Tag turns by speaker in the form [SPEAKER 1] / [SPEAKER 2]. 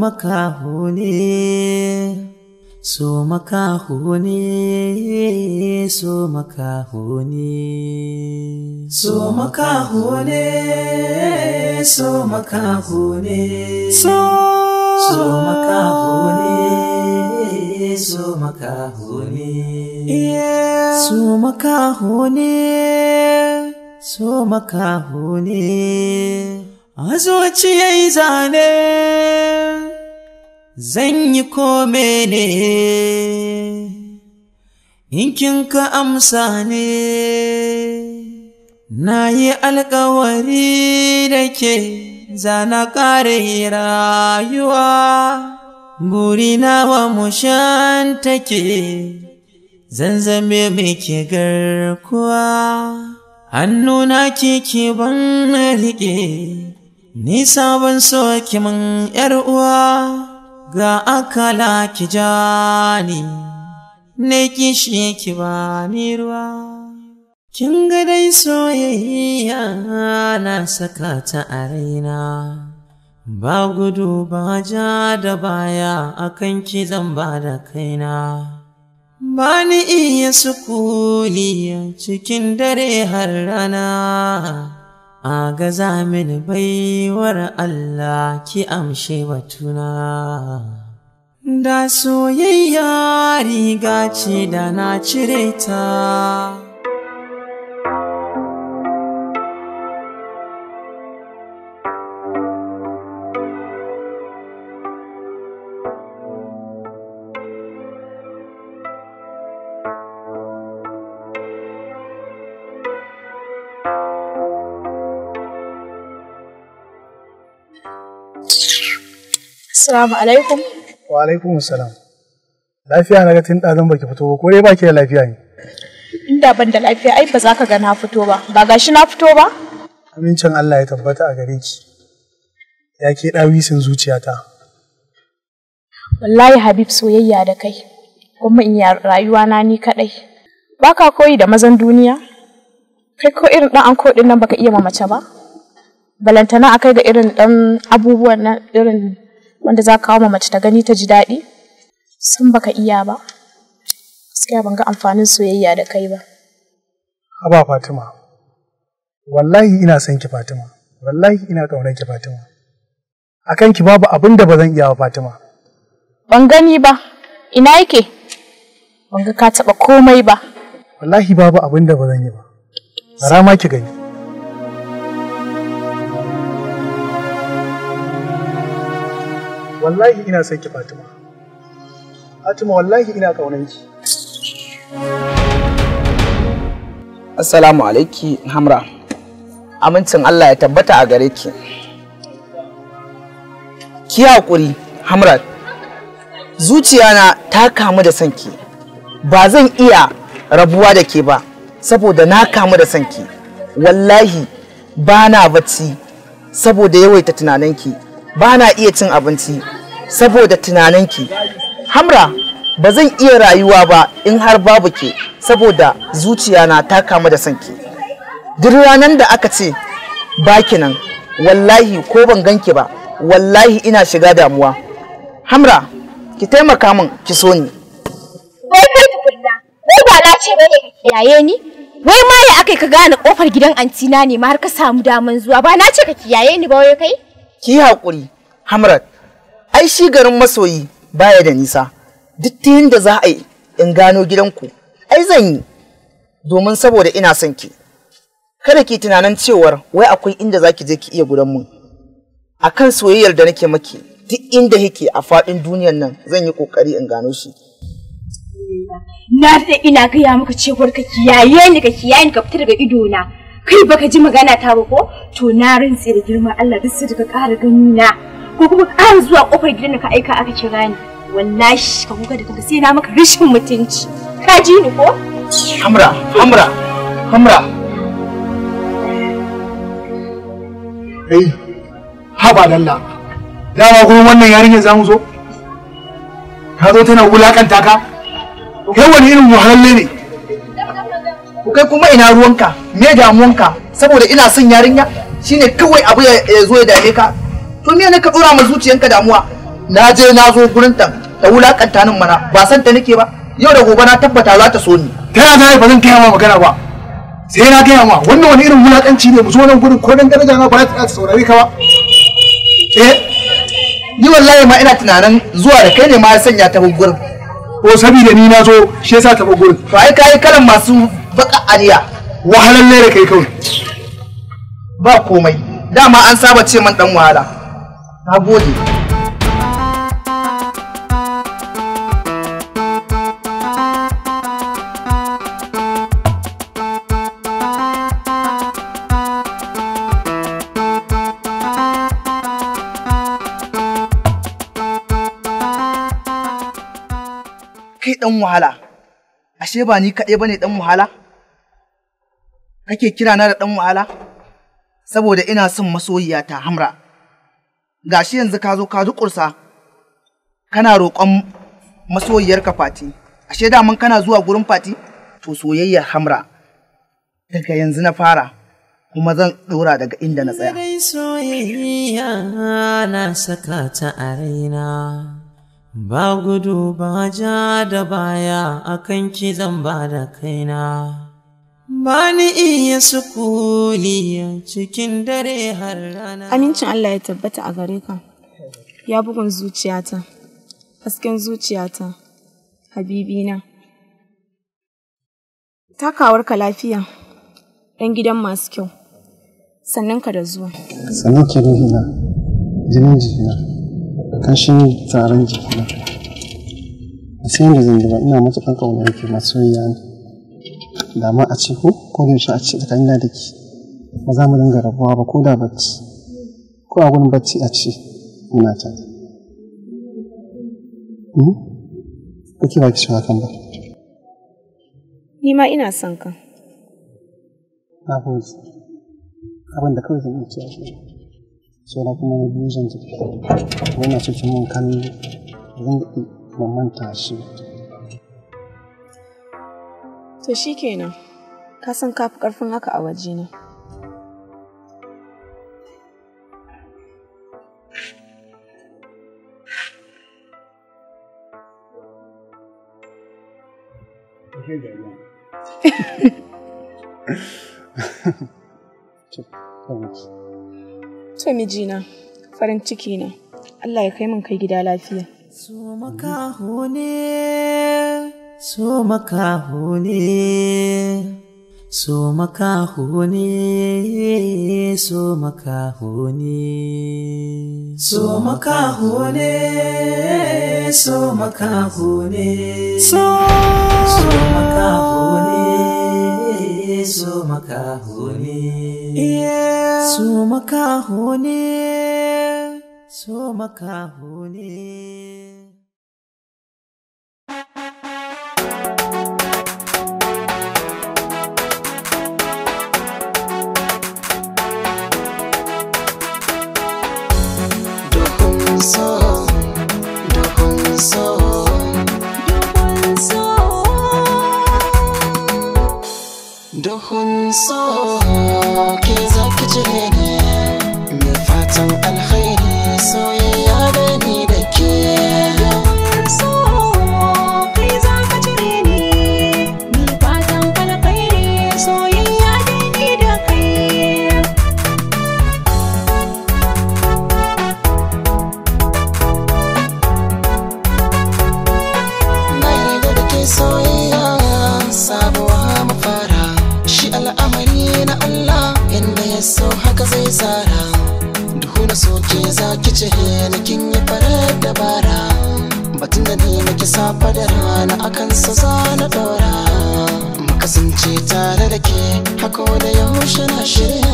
[SPEAKER 1] makaho ne so makaho ne so makaho ne so makaho ne so makaho ne so makaho ne so so makaho a yai zane zan yi kome ne in kin ka amsa ne na yi alkawari da ke zana ƙare rayuwa burina wa mushan take zan zame miki garkuwa hannuna ke ban riƙe Ni sabon so 'yar uwa ga akala ki jani, ne kishi ki ba ni ruwa. Kin ga dai soyayya na saka ta a raina, ba gudu ba ja da baya akan ki zan ba da kaina. Ba ni iya sukuli cikin dare har rana. a gaza baiwar Allah ki amshe batuna. Da soyayya riga ce da na cire ta. Assalamu alaikum.
[SPEAKER 2] Wa alaikum assalam. Lafiya na ga tun ɗazan baki fito ba, ko dai baki da lafiya ne? Inda ban da lafiya ai ba za ka ga na fito ba, ba gashi na fito ba? Amincin Allah ya tabbata a gare ki. Ya ke wisin zuciyata. Wallahi Habib soyayya da kai, kuma in rayuwa na ni kaɗai. Ba ka koyi da mazan duniya? Kai ko irin ɗan an koɗin nan baka iya ma mace ba? Balantana a kai ga irin ɗan abubuwan nan irin wanda za ka kawo mace ta gani ta ji daɗi sun baka iya ba gaskiya ban ga amfanin soyayya da kai ba haba fatima wallahi ina son ki fatima wallahi ina ƙaunar ki fatima akan ki babu abin da ba zan iya ba fatima ban gani ba ina yake ban ga ka taɓa komai ba wallahi babu abin da ba zan yi ba bara ma ki gani wallahi ina son ki Fatima Fatima wallahi ina kaunanki. Assalamu alaiki Hamra amincin Allah ya tabbata a gare ki ki haƙuri Hamra zuciyana ta kamu da sanki ba zan iya rabuwa da ke ba saboda na kamu da sanki wallahi ba na bacci saboda yawaita ki Bana iya cin abinci saboda tunaninki hamra ba zan iya rayuwa ba in har babu ke saboda zuciya na ta kama da sanki duk ranar da aka ce baki nan wallahi ko ban ganki ba wallahi ina shiga damuwa hamra ki taimaka min ki so ni wai kai tukunna wai na ce bane ka kiyaye ni wai ma ya akai ka gane kofar gidan antina ne ma har ka samu daman zuwa ba na ce ka kiyaye ni ba wai kai ki yi haƙuri hamrat ai shi garin masoyi baya da nisa duk ta da za a yi in gano gidanku ai zan yi domin saboda ina son ki kada ki tunanin cewar wai akwai inda za ki je ki iya gudan mun akan soyayyar da nake maki duk inda yake a faɗin duniyar nan zan yi ƙoƙari in gano shi na da ina gaya maka cewar ka kiyaye ni ka kiyaye ni ka fita daga idona kai baka ji magana ta ba ko to na rantse da girman Allah duk sai ka ƙara gani na ko kuma ƙara zuwa kofar gidan ka aika aka kira ni wallahi ka kuka da kanka sai na maka rashin mutunci ka ji ni ko Hamra Hamra Hamra Kai haba dalla dama kuma wannan yarinyar zamu zo ka zo tana wulakanta ka kai wani irin wahalalle ne kai kuma ina ruwanka me damuwanka saboda ina son yarinya shine kawai abu ya zo ya dame ka to me ne ka dora ma zuciyanka damuwa na je na zo gurin ta ta wulakanta nan mana ba san ta nake ba yau da gobe na tabbata za ta so ni kana da ba zan kai ma magana ba sai na gaya ma wannan wani irin wulakanci ne mu zo nan gurin ko dan daraja na ba za ta saurare ka ba eh ni wallahi ma ina tunanin zuwa da kai ne ma ya sanya ta gurin ko sabida ni na zo shi yasa ta gurin to ai kai kalan masu baka ariya wahalar ne da kai kawai ba komai dama an saba ce man dan wahala na gode kai dan wahala ashe ba ni kaɗai bane dan wahala kake kirana da ɗan wahala? Saboda ina son masoyiya ta hamra. Gashi yanzu ka zo ka kursa kana roƙon masoyiyarka fati, ashe daman kana zuwa gurin fati? To soyayyar hamra, daga yanzu na fara, kuma zan ɗora daga inda na tsaya.
[SPEAKER 1] soyayya na saka ta Ba gudu ba ja da baya akan ki zan ba da kaina. Bani iya sukuni cikin dare har rana. Amincin Allah ya tabbata a gare ka, ya bugun zuciyata, hasken zuciyata, habibina. Takawarka lafiya, ɗan gidan masu kyau, sannan ka da zuwa. Sannan ke ruhina, jinin jikina, kanshin tsarin jikina. A sayan da zan ina matuƙar ƙaunar ke masoyiya ne. da ma a ce ko ko da yaushe a ce
[SPEAKER 2] kanina da ke ba za mu dinga rabuwa ba ko da bacci ko a gurin bacci a ce
[SPEAKER 1] ina ta ko ki ba ki shiga kan ba ni ma ina son ka
[SPEAKER 2] na gode abin da kawai zan iya cewa sai na kuma na biyu zan tafi wannan cikin mun kan zan ban manta shi
[SPEAKER 1] To shi kenan, ka san kafi ƙarfin haka a waje wajena. To na farin ciki na, Allah ya kai mun kai gida lafiya. Su makaho ne. so makaho ne so makaho ne so makaho ne so makaho ne so makaho ne so makaho ne so makaho ne so makaho ne so makaho ne san sihiri kin yi farar dabara batun da ni muke safa da rana akan sa za na daura kasance tare da ke hako da yaushe na shirya